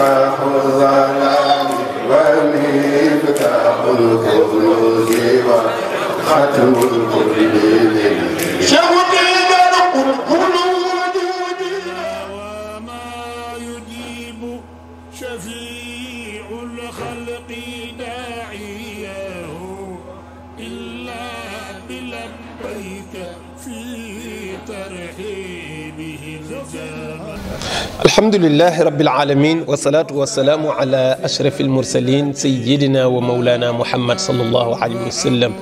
مفتاح الظلام والمفتاح الكفر ختم لله رب العالمين والصلاة والسلام على أشرف المرسلين سيدنا ومولانا محمد صلى الله عليه وسلم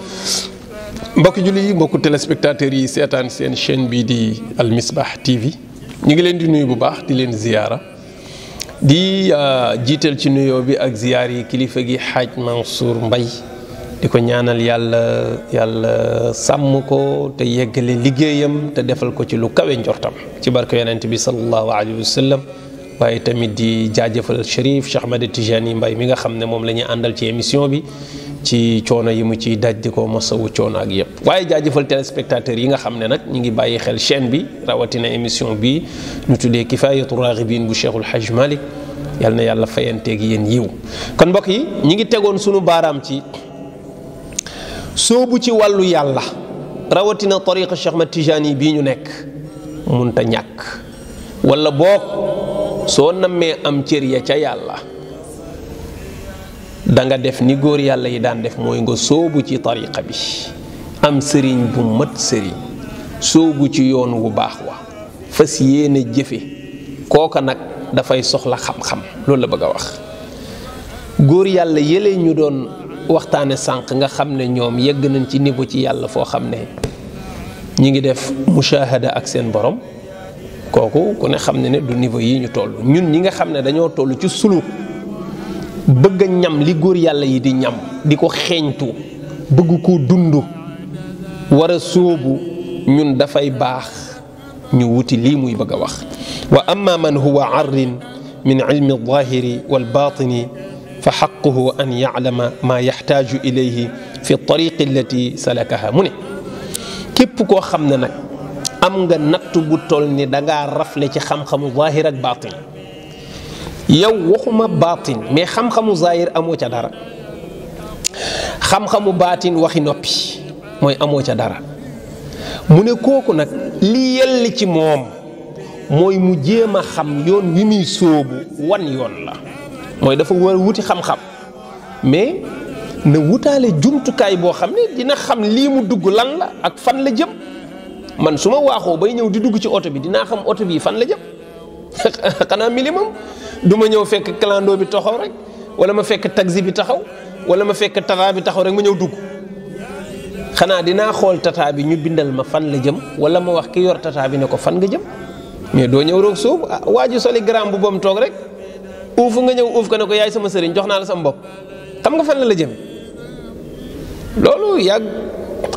mbokki julli yi mbokku téléspectateurs yi seetaan seen chaîne bi di Al Misbah TV ñu ngi leen di nuyu bu baax di leen ziyaara di jiital ci nuyoo bi ak ziyaar yi kilifa gi xaaj Mansour Mbaye di ko ñaanal yàlla yàlla sàmm ko te yeggale liggéeyam te defal ko ci lu kawe njortam ci barke yonent bi sallallahu alayhi wa sallam waaye tamit di jaajëfal Chérif Cheikh Ahmed Tidiane Mbaye mi nga xam ne moom la ñuy àndal ci émission bi ci coono yi mu ciy daj di ko masawu coono ak yëpp waaye jaajëfal téléspectateurs yi nga xam ne nag ñu ngi bàyyi xel chaîne bi rawatina émission bi ñu tuddee Kifaayatu Raaxibiin bu Cheikhul Hajj Malick yal na yàlla fayanteeg yéen yiw kon mbokk yi ñu ngi tegoon sunu baaraam ci soobu ci wàllu yàlla rawatina tariqa Cheikh Ahmed bii ñu nekk munta ñàkk wala boog soo nammee am cër ya ca yàlla danga def ni góor yàlla yi daan def mooy nga sóobu ci tariqa bi am sëriñ bu mat sëriñ soobu ci yoon wu baax wa fas yéene jëfe kooka nag dafay soxla xam-xam loolu la bëgg a wax góor yàlla yële ñu doon waxtaane sànq nga xam ne ñoom yegg nañ ci niveau ci yàlla foo xam ne ñu ngi def mushahada ak seen borom kooku ku ne xam ne ne du niveau yi ñu toll ñun ñi nga xam ne dañoo tollu ci suluk bëgg ñam li góor yàlla yi di ñam di ko xeeñtu bëgg ko dund war a sóobu ñun dafay baax ñu wuti lii muy bëgg a wax wa amma man huwa arrin min ilmi alzahiri walbatini fa xaquhu an yaclama maa yaxtaaju ilayhi fi tariqi allati salakaha mu ne képp koo xam ne nag am nga natt bu toll ni danga rafle ci xam-xamu zahir ak baatin yow waxuma baatin mais xam-xamu zahir amoo ca dara xam-xamu baatin waxi noppi mooy amoo ca dara mu ne kooku nag lii yell ci moom mooy mu jéem a xam yoon yu muy sóobu wan yoon la mooy dafa war a wuti xam-xam mais na wutaale jumtukaay boo xam ne dina xam lii mu dugg lan la ak fan la jëm man su ma waaxoo bay ñëw di dugg ci oto bi dinaa xam oto bi fan la jëm xanaa minimum du ma ñëw fekk clando bi taxaw rek wala ma fekk taxi bi taxaw wala ma fekk tata bi taxaw rek ma ñëw dugg xanaa dinaa xool tataa bi ñu bindal ma fan la jëm wala ma wax ki yor tataa bi ne ko fan nga jëm mais doo ñëw roog suuf ah waa ji soli gram bu bam toog rek uufu nga ñëw uuf ko ne ko yaay sama sëriñ jox naa la sama bopp xam nga fan la la jëm loolu yàgg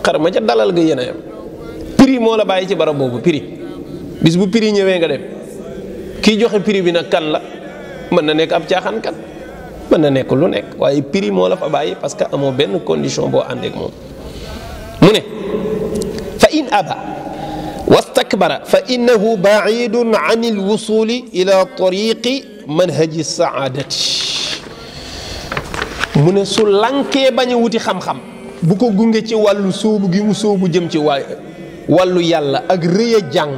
xar ma ca dalal yéen a yam prix moo la bàyyi ci bara boobu prix bis bu prix ñëwee nga dem kii joxe prix bi nag kan la mën na nekk ab caaxaan kan mën na nekk lu nekk waaye prix moo la fa bàyyi parce que amoo benn condition boo àndeek moom mu ne fa in aba wastakbara fa innahu baidun an il wusuli ila tariqi manhaji saadati mu ne su lànkee bañ wuti xam bu ko gunge ci wàllu sóobu gi mu jëm ci waay wàllu yàlla ak rëy jàng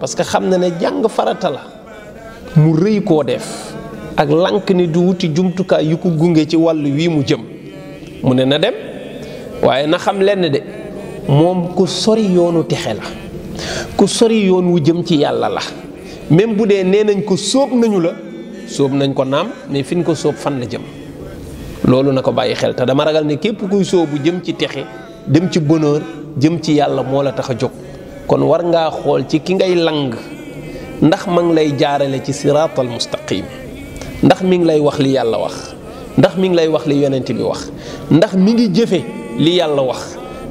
parce que xam na ne jàng farata la mu rëy koo def ak lànk ni du wuti jumtukaay yu ko gunge ci wàllu wii mu jëm mu ne na dem waaye na xam lenn de moom ku sori yoonu texe la ku sori yoon wu jëm ci yàlla la même bu dee nee nañ ko sóob nañu la sóob nañ ko naam mais fi ñu ko sóob fan la jëm loolu na ko bàyyi xel te dama ragal ne képp kuy sóobu jëm ci texe dem ci bonheur jëm ci yàlla moo la tax a jóg kon war ngaa xool ci ki ngay lang ndax ma lay jaarale ci siraatal mustaqim ndax mi ngi lay wax li yàlla wax ndax mi ngi lay wax li yonent bi wax ndax mi ngi jëfe li yàlla wax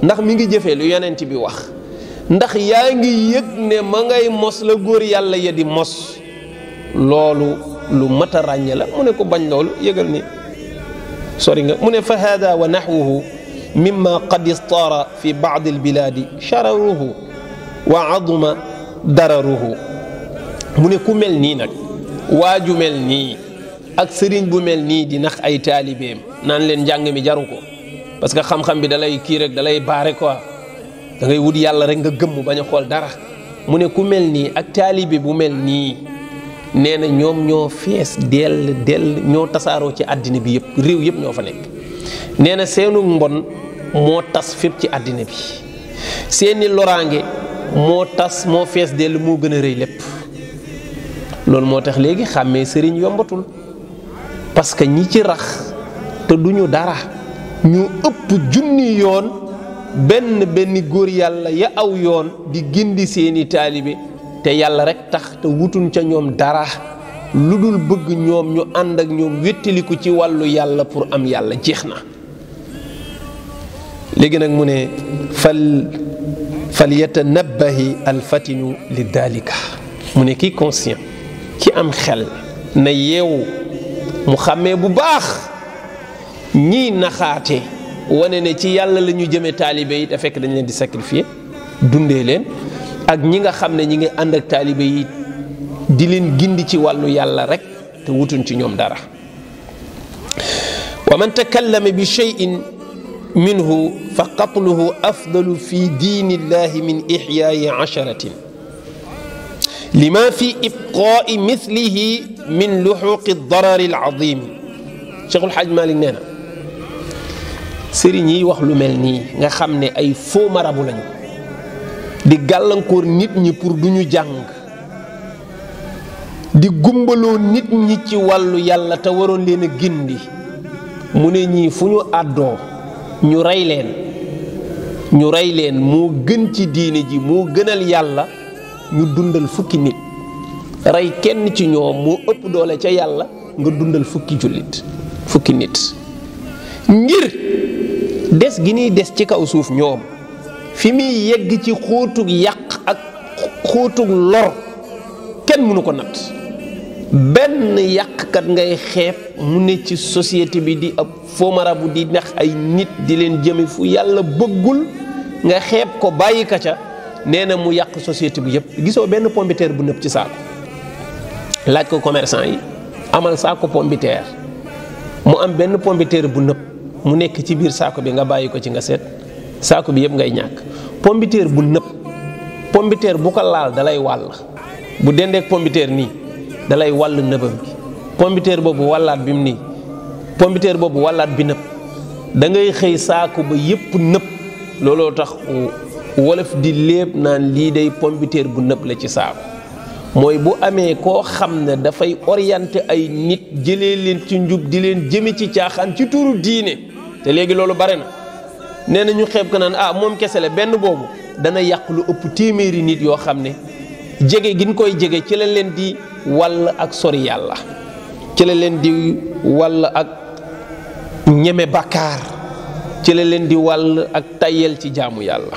ndax mi ngi jëfe li yonent bi wax ndax yaa ngi yëg ne ma ngay mos la góor yàlla ya di mos loolu lu mat a ràññe la mu ne ko bañ loolu yëgal ni sori nga mu ne fa hada wa naxwuhu mimma qad istaara fi baadi albilaadi chararuhu wa aduma dararuhu mu ne ku mel nii nag waaju mel nii ak sëriñ bu mel nii di nax ay taalibeem naan leen njàng mi jaru ko parce que xam-xam bi dalay kii rek dalay baare ko da ngay wut yàlla rek nga gëmm bañ a xool dara mu ne ku mel nii ak taalibe bu mel nii nee na ñoom ñoo fees dell dell ñoo tasaaroo ci àddina bi yëpp réew yëpp ñoo fa nekk nee na seenu mbon moo tas fépp ci àddina bi seeni loraange moo tas moo fees dell moo gën a rëy lépp loolu moo tax léegi xàmmee sëriñ yombatul parce que ñi ci rax te duñu dara ñu ëpp junni yoon benn benn góor yàlla ya aw yoon di gindi seeni taalibe te yàlla rek tax te wutuñ ca ñoom dara lu dul bëgg ñoom ñu ànd ak ñoom wéttaliku ci wàllu yàlla pour am yàlla jeex na léegi nag mu ne fal fal yatanabbahi alfatinu li daalika mu ne kii conscient ki am xel na yeewu mu xàmmee bu baax ñiy naxaate wane ne ci yàlla la ñu jëmee taalibe yi te fekk dañ leen di sacrifier dundee leen ak ñi nga xam ne ñi ngi ànd ak taalibe yi di leen gindi ci wàllu yàlla rek te wutuñ ci ñoom dara wa man takallama bi shay'in منه فقتله أفضل في دين الله من إحياء عشرة لما في إبقاء مثله من لحوق الضرر العظيم شغل حاج مالي نانا سيريني وخلو ملني نخمني أي فو مرابو لنو دي غالن كور نيت ني بور دونيو جانغ دي غومبلو نيت ني تي والو يالا تا وارون لين غيندي موني ني فونو ادو ñu rey leen ñu rey leen moo gën ci diine ji moo gënal yàlla ñu dundal fukki nit rey kenn ci ñoom moo ëpp doole ca yàlla nga dundal fukki jullit fukki nit ngir des gi ñuy des ci kaw suuf ñoom fi muy yegg ci xóotug yàq ak xóotug lor kenn mënu ko natt ben yak kat ngay xeeb mu ne ci société bi di mara fomarabu di nax ay nit di leen jëme fu yalla bëggul nga xeeb ko bayyi ka ca nee mu yak société bi yëpp gisoo ben pombiteer bu nëpp ci saako laaj ko commerçant yi amal saako pombiteer mu am ben pombiteer bu nëpp mu nekk ci biir saako bi nga bayyi ko ci nga seet saako bi yëpp ngay ñak pombiteer bu nëpp pombiteer bu ko laal dalay wàll bu dendeek pombiteer nii dalay wàll nëbam bi pompiteer boobu wàllaat bi mu nii pompiteer boobu wàllaat bi nëb da ngay xëy saaku ba yépp nëb looloo tax wolof di léeb naan lii dey pompiteer bu nëb la ci saaku mooy bu amee koo xam ne dafay orienté ay nit jële leen ci njub di leen jëme ci caaxaan ci tuuru diine te léegi loolu bare na nee nañu ñu xeeb ko naan ah moom kese la benn boobu dana yàq lu ëpp téeméeri nit yoo xam ne jege gi ñu koy jege ci la leen di wàll ak sori yàlla ci la leen di wàll ak ñeme bàkkaar ci la leen di wàll ak tayel ci jaamu yàlla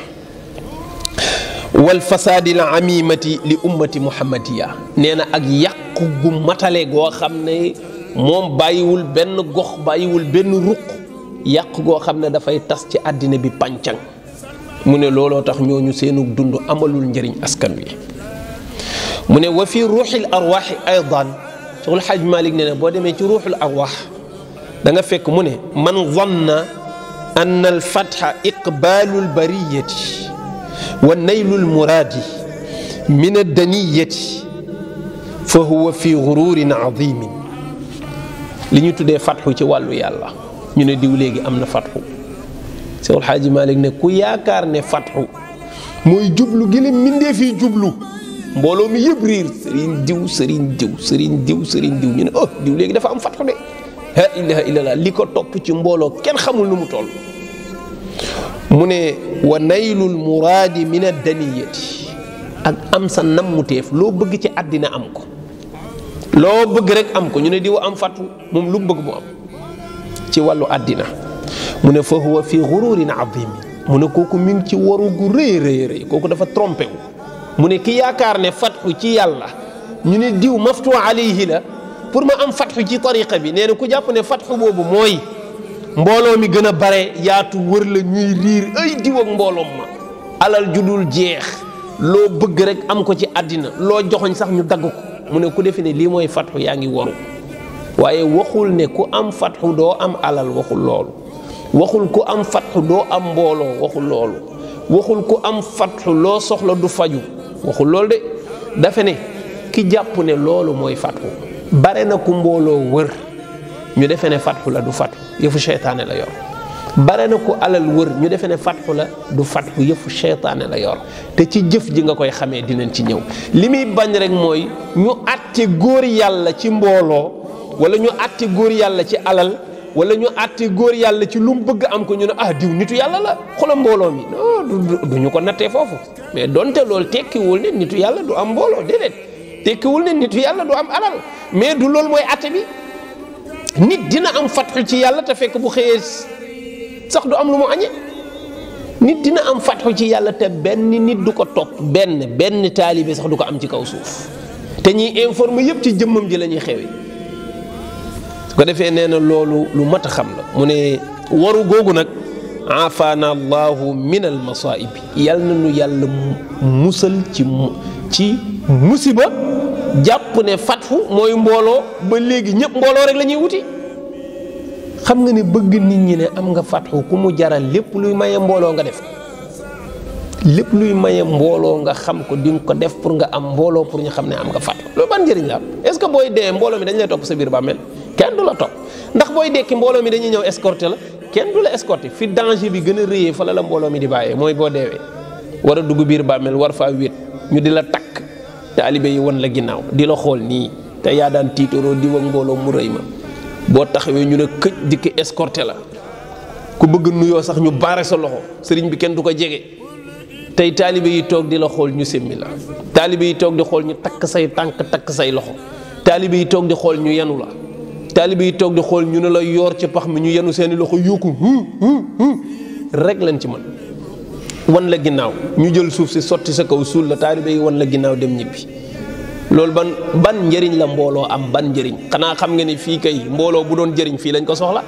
wal fasaadi la amimati li ummati muhammadiya nee na ak yàq gu matale goo xam ne moom bàyyiwul benn gox bàyyiwul benn ruq yàq goo xam ne dafay tas ci àddina bi pàncan mu ne looloo tax ñooñu seenu dund amalul njariñ askan wi من وفي روح الارواح ايضا تقول حاج مالك ننا بودي من روح الارواح دا فيك من من ظن ان الفتح اقبال البريه والنيل المراد من الدنيه فهو في غرور عظيم لي ني تودي فتح تي والو يالا ني ني ديو ليغي امنا فتح تقول حاج مالك نكو ياكار ني فتح موي جبلو جيلي مندي في جبلو mbooloo mi yëpp riir sëriñ diw sëriñ diw sëriñ sëriñ ñu ne oh diw léegi dafa am fatxu de la ilaha illallah li ko topp ci mbooloo kenn xamul lu mu toll mu ne wa naylul muraadi min addaniyati ak am nammuteef loo bëgg ci àddina am ko loo bëgg rek am ko ñu ne diw am fatu moom lu mu bëgg mu am ci wàllu àddina mu ne fa huwa fi gururin azim mu ne kooku mi ci waru gu rëy rëy rëy kooku dafa trompé mu ne ki yaakaar ne fatxu ci yàlla ñu ne diw maftu alayhi la pour ma am fatxu ci tariqa bi nee na ku jàpp ne fatxu boobu mooy mbooloo mi gën a bare yaatu wër la ñuy riir ay diw mbooloom ma alal ju dul jeex loo bëgg rek am ko ci àddina loo joxoñ sax ñu dagg ko mu ne ku defe ne lii mooy fatxu yaa ngi waru waaye waxul ne ku am fatxu doo am alal waxul loolu waxul ku am fatxu doo am mbooloo waxul loolu waxul ku am fatxu loo soxla du faju waxul loolu de dafa ne ki jàpp ne loolu mooy fatku bare na ku mbooloo wër ñu defe ne fatku la du fatku yëfu seytaane la yor bare na ku alal wër ñu defe ne fatku la du fatku yëfu seytaane la yor te ci jëf ji nga koy xamee dinañ ci ñëw li muy bañ rek mooy ñu àtte góor yàlla ci mbooloo wala ñu àtte góor yàlla ci alal wala ñu àtte góor yàlla ci lu mu bëgg am ko ñu ne ah diw nitu yàlla la xoolal mbooloo mi du ñu ko nattee foofu mais donte lool tekkiwul ne nitu yàlla du am mbooloo déedéet tekkiwul ne nitu yàlla du am alal mais du loolu mooy àtte bi nit dina am fatxu ci yàlla te fekk bu xëyee sax du am lu mu añee nit dina am fatxu ci yàlla te benn nit du ko topp benn benn taalibe sax du ko am ci kaw suuf te ñuy informer yëpp ci jëmmam ji la ñuy xewee su ko defee nee na loolu lu mat a xam la mu ne waru googu nag afaana allahu min al masaib yal na nu yàlla musal ci ci musiba jàpp ne fatfu mooy mbooloo ba léegi ñëpp mbooloo rek la ñuy wuti xam nga ne bëgg nit ñi ne am nga fatxu ku mu jaral lépp luy maye mbooloo nga def lépp luy maye mbooloo nga xam ko di nga ko def pour nga am mbooloo pour ñu xam ne am nga fatxu loolu ban njëriñ la am est ce que booy dee mbooloo mi dañ lay topp sa biir bàmmeel kenn dula top ndax boy dekk mbolo mi dañuy ñew escorté la kenn dula la escorté fi danger bi gëna reey fa la mbolo mi di baye moy bo déwé wara dugg biir war fa wit ñu di tak takk taalibe yi won la ginnaw dila xol ni té ya daan titoro di wak mbolo mu reey ma bo taxawé ñu ne kecc dik escorté la ku bëgg nuyo sax ñu baré sa loxo sëriñ bi kenn duko jégé jege talibé yi tok di xol ñu simmi la talibé yi tok di xol ñu tak say tank tak say loxo talibé yi tok di xol ñu yanu la taalibe yi toog di xool ñu ne la yoor ci pax mi ñu yenu seeni loxo yuuku rek lañ ci mën wan la ginnaaw ñu jël suuf si sotti sa kaw suul la taalibe yi wan la ginnaaw dem ñibbi loolu ban ban njëriñ la mbooloo am ban njëriñ xanaa xam nga ni fii kay mbooloo bu doon jëriñ fii lañ ko soxla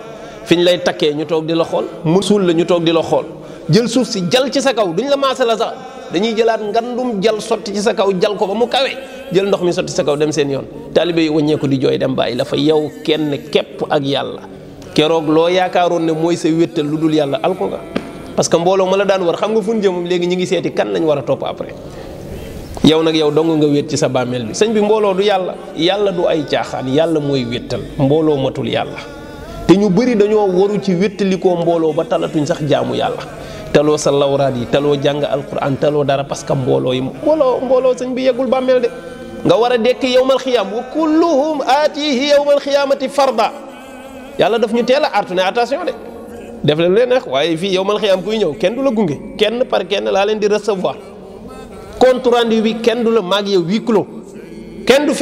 fi ñu lay takkee ñu toog di la xool mu suul la ñu toog di la xool jël suuf si jal ci sa kaw duñ la maase la sax dañuy jëlaat ngandum jal sotti ci sa kaw jal ko ba mu kawe jël ndox mi soti sa kaw dem seen yoon talibé yi ko di joy dem bàyyi la fa yow kenn képp ak yalla kérok lo yaakaaroon ne moy sa wétal luddul yalla alko al nga parce que mbolo ma daan war xam nga fu jëm légui ñi ngi séti kan lañ wara top après yow nak yow dong nga wét ci sa bamél bi señ bi mbolo du yalla yalla du ay caaxaan yalla moy wétal mbolo matul yalla té ñu bëri dañoo waru ci wétaliko mbolo ba talatuñ sax jaamu yalla talo sa lawraat yi taloo alquran talo dara parce que mbooloo yi mbolo mbolo señ bi yegul bamél de nga wara dekk dekki yowmal xiyam wa kulluhum atihi yowmal khiyamati farda yalla daf ñu téla a artu ne attention dé def leen leen wax waye fi yowmal khiyam kuy ñew kenn dula gungé kenn par kenn la leen di recevoir compte rendu wi kenn feki. mag yow wi klo kenn du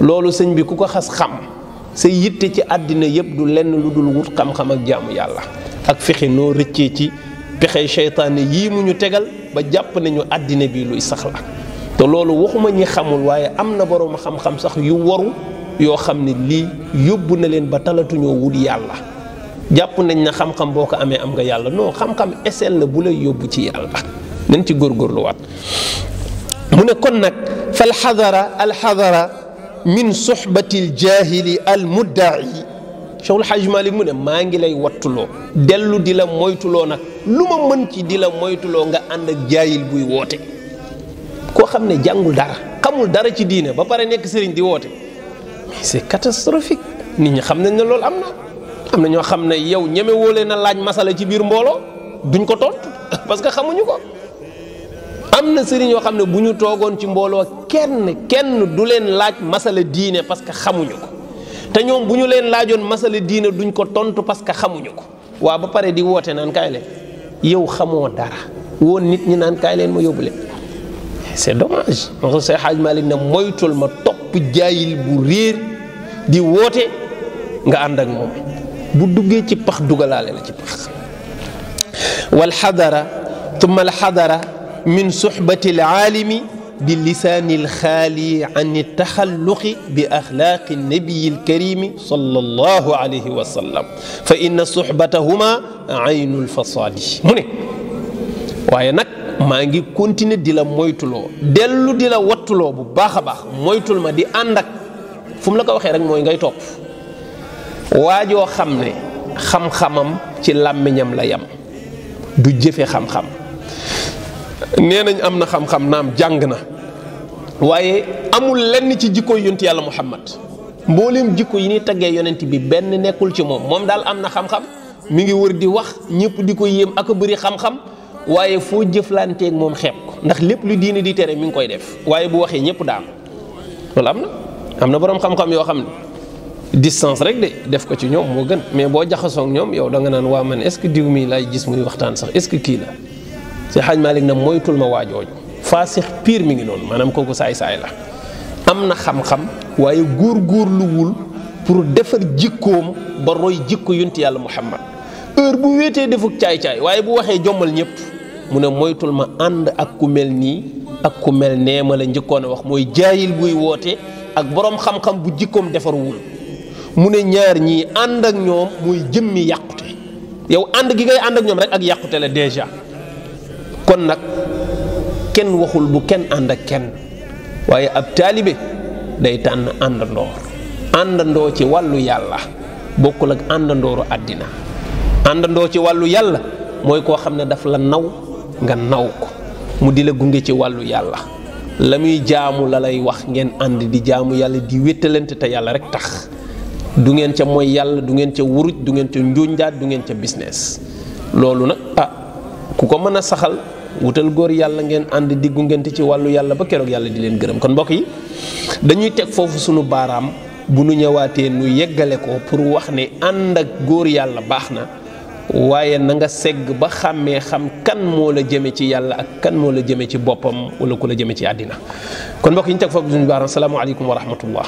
lolu señ bi kuko xass xam sa yitté ci adina yépp du lenn lu wut xam-xam ak jaamu yalla ak fexé no rëccee ci pexé shaytan yi mu ñu tégal ba japp nañu adina bi luy saxla te loolu waxuma ñi xamul waaye am na borom xam-xam sax yu waru yoo xam ne lii yóbbu na leen ba talatuñoo wut yàlla jàpp nañ na xam-xam boo ko amee am nga yàlla noo xam-xam eseel la bu lay yóbbu ci yàlla nañ ci góorgóorluwaat mu ne kon nag fal xadara al xadara min suxbati al jaahili al muddaai Cheikhul Xaj Malik mu ne maa ngi lay wattuloo dellu di la moytuloo nag lu ma mën ci di la moytuloo nga ànd ak jaayil buy woote koo xam ne jàngul dara xamul dara ci diine ba pare nekk sëriñ di woote mais c'est catastrophique nit ñi xam nañ ne loolu am na am na ñoo xam ne yow ñeme wóole na laaj masala ci biir mbooloo duñ ko tontu parce que xamuñu ko am na sëriñ yoo xam ne bu ñu toogoon ci mbooloo kenn kenn du leen laaj masala diine parce que xamuñu ko te ñoom bu ñu leen laajoon masala diine duñ ko tontu parce que xamuñu ko waa ba pare di woote naan kaay leen yow xamoo dara woon nit ñi naan kaay leen ma yóbbu leen c'est dommage on se sait Xaaj malik na moytul ma top jaayil bu réer di wote nga ànd ak mom bu duggé ci pax dugalale la ci pax walxadara tumma alxadara min suxbati alaalimi bi al alxaali an taxalluqi bi axlaaqi nabiyi alkarimi sallallahu alayhi wa sallam fa inna suxbatahuma aynu alfasaadi mu ne waaye nag maa ngi continuer di la moytuloo dellu di la wattuloo bu baax a baax moytul ma di ànd ak fu mu la ko waxee rek mooy ngay topp waajoo xam ne xam-xamam ci làmmiñam la yam du jëfe xam-xam nañ am na xam naam jàng na waaye amul lenn ci jikko yonent yàlla Muhammad mboolem jikko yi ñuy taggee yonent bi benn nekkul ci moom moom daal am na xam-xam mi ngi wër di wax ñëpp di ko yéem ak a bari xam-xam waaye foo jëflanteeg moom xeeb ko ndax lépp lu diine di tere mi ngi koy def waaye bu waxee ñëpp daanu loolu am na am na boroom xam-xam yoo xam ne distance rek de def ko ci ñoom moo gën mais boo jaxasoog ñoom yow da nga naan waa man est-ce que diw mi laay gis muy waxtaan sax est-ce que kii la si xaaj Maalik na moytul ma waajooju faasix pire mi ngi noonu maanaam kooku saay-saay la am na xam-xam waaye góor-góorluwul pour defar jikkoom ba roy jikko yunt yàlla Muhammad heure bu wéetee defuk caay-caay waaye bu waxee jommal ñëpp mu ne moytul ma ànd ak ku mel nii ak ku mel nee ma la njëkkoon a wax mooy jaayil buy woote ak boroom xam-xam bu jikkoom defaruwul mu ne ñaar ñii ànd ak ñoom mooy jëmmi yàqute yow ànd gi ngay ànd ak ñoom rek ak yàqute la déjà kon nag kenn waxul bu kenn ànd ak kenn waaye ab taalibe day tànn àndandoo àndandoo ci wàllu yàlla bokkul ak àndandooru àddina àndandoo ci wàllu yàlla mooy koo xam ne daf la naw nga naw ko mu di la gunge ci wàllu yàlla la muy jaamu la lay wax ngeen ànd di jaamu yàlla di wéttalante te yàlla rek tax du ngeen ca mooy yàlla du ngeen ca wuruj du ngeen ca njuunjaat du ngeen ca business loolu nag ah ku ko mën a saxal wutal góor yàlla ngeen ànd di gungente ci wàllu yàlla ba keroog yàlla di leen gërëm kon mbokk yi dañuy teg foofu sunu baaraam bu nu ñëwaatee nu yeggale ko pour wax ne ànd ak góor yàlla baax na waaye na nga segg ba xàmmee xam kan moo la jëme ci yàlla ak kan moo la jëme ci boppam wala ku la jëme ci àddina kon mbokk yi ñu teg foofu duñu baaram salaamaaleykum wa rahmatullah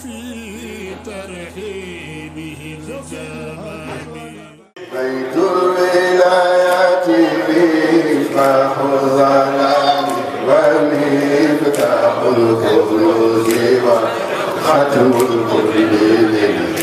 في ترحيبهم زاد مفتاح الظلام ومفتاح الخلود وختم الكل لله